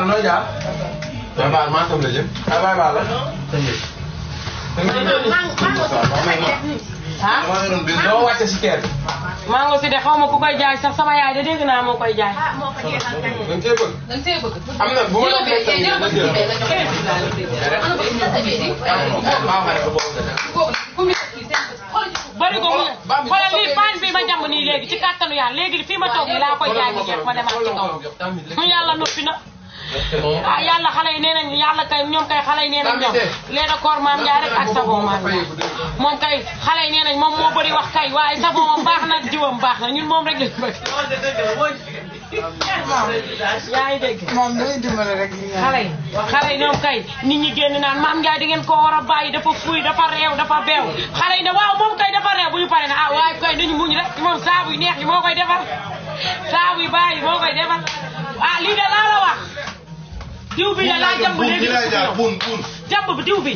baal nooy ma ku koy jaay sax ma la bëgg tamit ma jël. bari ko mu xoolal ma jàmb nii léegi ci kàttanu yàlla léegi fii ma toog nii laa koy jaay mu jeex ma demaat ci kaw. mu yàlla noppi na. ah yàlla xale yi nee nañu yàlla kay ñoom kay xale yi nee nañ ñoom leena koor maam Njaay rek ak moom kay xale yi nee moom moo wax kay waaye savon moom baax na jiwam baax na ñun moom rek lañ bëgg yaa ngi dégg moom day dimbale rek xale yi xale yi ñoom kay nit ñi génn naan maam Njaay di ngeen ko a bàyyi dafa fuy dafa réew dafa beew xale yi ne waaw moom kay dafa réew bu ñu paree na ah waaye kay nañu muñ rek moom saabu yu neex yi moo koy defar saabu yu baax yi moo koy defar diw bi laa jàmb léegi jàmb bi diw bi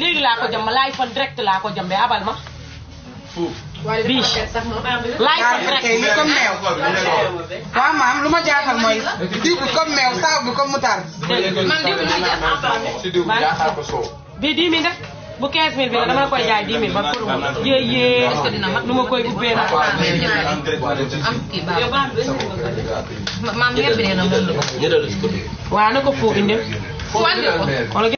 léegi laa ko jàmb laay fan direct laa ko jàmbee abal ma bii laay fan direct ni comme meew waaw maam lu ma jaaxal mooy diw bi comme meew saaw bi comme moutarde man diw bi lu ma jaaxal bii dix mille rek bu 15000 mi la dama la koy ko 10000 ba pour mu yéeyee nu ma koy ubbee nag. maam yëpp de na moom la. waaw na ko foo indee.